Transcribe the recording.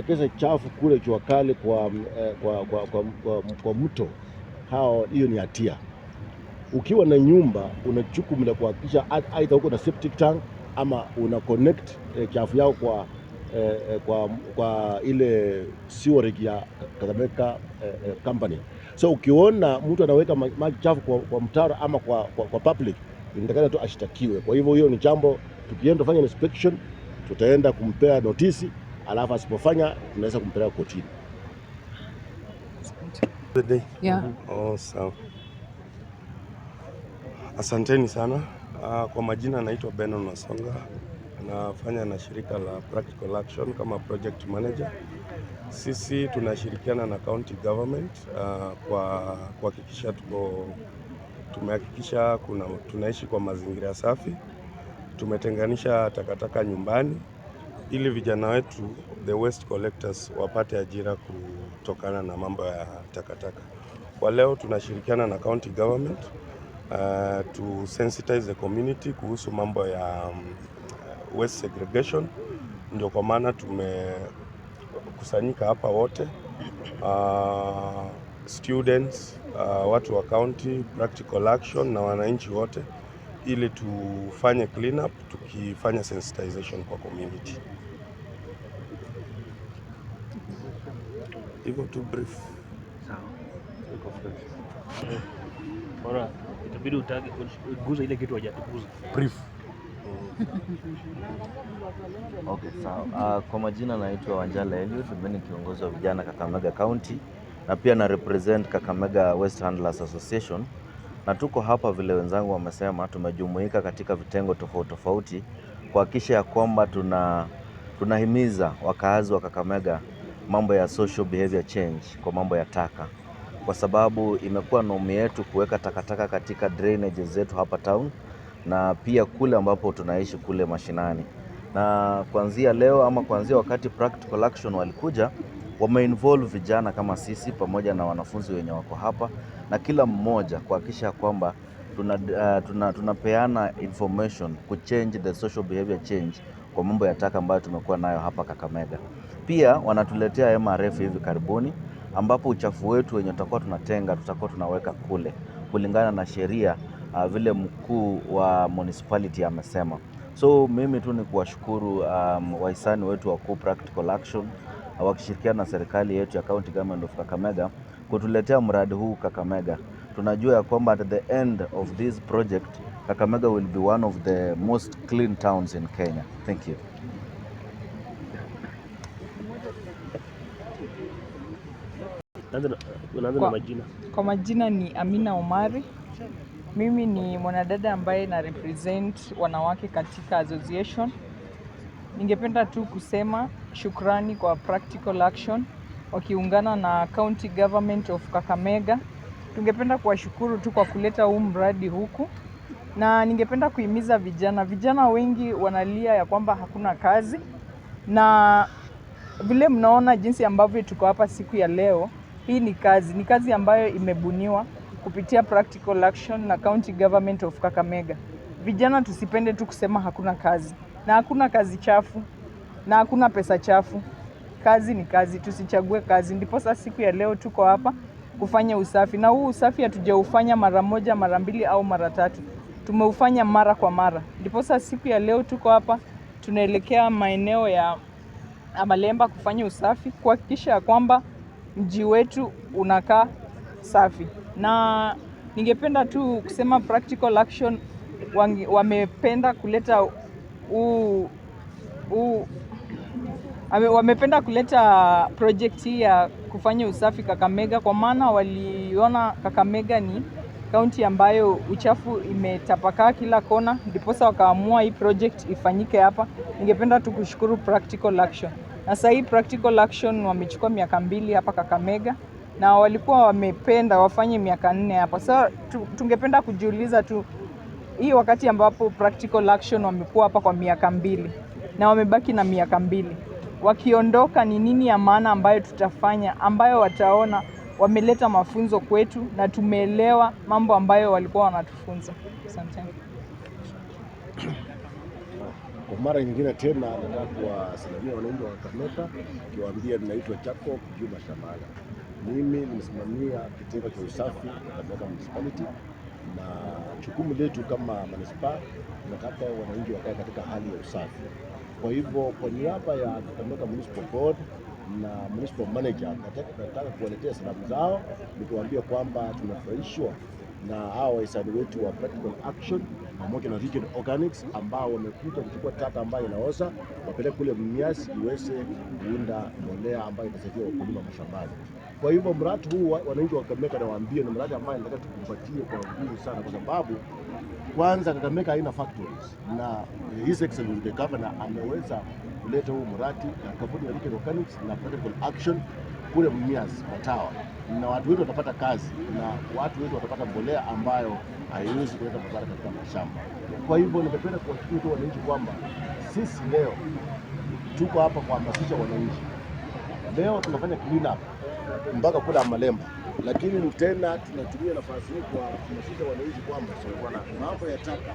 ekeza chafu kule jua kali kwa, eh, kwa, kwa, kwa, kwa, kwa mto hao, hiyo ni hatia. Ukiwa na nyumba, una jukumu la kuhakikisha aidha uko na septic tank ama una connect eh, chafu yao kwa, eh, eh kwa, kwa ile sewerage ya Kakamega eh, eh company. So ukiona mtu anaweka maji chafu kwa, kwa mtaro ama kwa, kwa, kwa public inatakana tu ashtakiwe. Kwa hivyo hiyo ni jambo, tukienda kufanya inspection tutaenda kumpea notisi alafu asipofanya tunaweza kumpeleka kotini. Oh, Asanteni sana. Ah, kwa majina anaitwa Benon Masonga, nafanya na shirika la Practical Action kama project manager. Sisi tunashirikiana na county government ah, kwa kuhakikisha tuko tumehakikisha kuna tunaishi kwa mazingira safi, tumetenganisha takataka nyumbani ili vijana wetu the waste collectors wapate ajira kutokana na mambo ya takataka. Kwa leo tunashirikiana na county government uh, to sensitize the community kuhusu mambo ya um, waste segregation. Ndio kwa maana tumekusanyika hapa wote uh, students uh, watu wa county, practical action na wananchi wote ili tufanye clean up, tukifanya sensitization kwa community. Hivyo tu brief. Bora itabidi utage guza ile kitu hajatuguza. Brief. Mm. Okay, sawa. Uh, kwa majina naitwa Wanjala Eliud, mimi ni kiongozi wa vijana Kakamega County na pia na represent Kakamega West Handlers Association na tuko hapa vile wenzangu wamesema, tumejumuika katika vitengo tofauti tofauti kuhakikisha ya kwamba tuna tunahimiza wakaazi wa Kakamega mambo ya social behavior change kwa mambo ya taka, kwa sababu imekuwa nomi yetu kuweka takataka katika drainage zetu hapa town na pia kule ambapo tunaishi kule mashinani. Na kuanzia leo ama kuanzia wakati practical action walikuja wameinvolve vijana kama sisi pamoja na wanafunzi wenye wako hapa na kila mmoja kuhakikisha kwamba uh, tunapeana tuna, tuna information kuchange the social behavior change kwa mambo ya taka ambayo tumekuwa nayo hapa Kakamega. Pia wanatuletea MRF hivi karibuni, ambapo uchafu wetu wenye tutakuwa tunatenga tutakuwa tunaweka kule kulingana na sheria uh, vile mkuu wa municipality amesema. So mimi tu ni kuwashukuru um, wahisani wetu wa Practical Action wakishirikiana na serikali yetu ya County Government of Kakamega kutuletea mradi huu Kakamega. Tunajua ya kwamba at the end of this project Kakamega will be one of the most clean towns in Kenya. Thank you. Kwa, kwa majina ni Amina Omari. Mimi ni mwanadada ambaye na represent wanawake katika association Ningependa tu kusema shukrani kwa Practical Action wakiungana na County Government of Kakamega. Tungependa kuwashukuru tu kwa kuleta huu mradi huku, na ningependa kuhimiza vijana. Vijana wengi wanalia ya kwamba hakuna kazi, na vile mnaona jinsi ambavyo tuko hapa siku ya leo, hii ni kazi, ni kazi ambayo imebuniwa kupitia Practical Action na County Government of Kakamega. Vijana tusipende tu kusema hakuna kazi na hakuna kazi chafu na hakuna pesa chafu. Kazi ni kazi, tusichague kazi. Ndiposa siku ya leo tuko hapa kufanya usafi, na huu usafi hatujaufanya mara moja, mara mbili au mara tatu, tumeufanya mara kwa mara. Ndiposa siku ya leo tuko hapa, tunaelekea maeneo ya Malemba kufanya usafi, kuhakikisha ya kwamba mji wetu unakaa safi, na ningependa tu kusema practical action wamependa kuleta u, u, wamependa kuleta project hii ya kufanya usafi Kakamega, kwa maana waliona Kakamega ni kaunti ambayo uchafu imetapakaa kila kona, ndiposa wakaamua hii project ifanyike hapa. Ningependa tu kushukuru Practical Action, na sasa hii Practical Action wamechukua miaka mbili hapa Kakamega na walikuwa wamependa wafanye miaka nne hapa. Sasa tungependa kujiuliza tu hii wakati ambapo practical action wamekuwa hapa kwa miaka mbili na wamebaki na miaka mbili. Wakiondoka, ni nini ya maana ambayo tutafanya, ambayo wataona wameleta mafunzo kwetu na tumeelewa mambo ambayo walikuwa wanatufunza. Asante. Kwa mara nyingine tena nataka kuwasalamia wananchi wa Kakamega kiwaambia ninaitwa Jacob Juma Shamala, mimi nimesimamia kitengo cha usafi Kakamega Municipality na jukumu letu kama manispaa tunataka wananchi wakae katika hali ya usafi. Kwa hivyo kwa niaba ya Kakamega Municipal Board na municipal manager, nataka kuwaletea salamu zao nikuambia kwamba tumefurahishwa na hawa wahisani wetu wa Practical Action pamoja na Region Organics ambao wamekuja kuchukua taka ambayo inaoza wapeleke kule Mumias iweze kuunda mbolea ambayo itasaidia wakulima mashambani. Kwa hivyo mradi huu wananchi wa Kakamega nawaambia ni mradi ambaye nataka tukumbatie kwa nguvu sana, kwa sababu kwanza Kakamega haina factories na His Excellency the Governor ameweza kuleta huu mradi na kampuni ya Riken Organics na Practical Action kule Mumias Matawa, na watu wetu watapata kazi na watu wetu watapata mbolea ambayo haiwezi kuleta madhara katika mashamba. Kwa hivyo ningependa kuwashukuru tu wananchi kwamba sisi leo tuko hapa kuhamasisha wananchi, leo tunafanya clean up mpaka kula Malemba, lakini tena tunatumia nafasi hii kwa kuwahamasisha wananchi kwamba mambo ya taka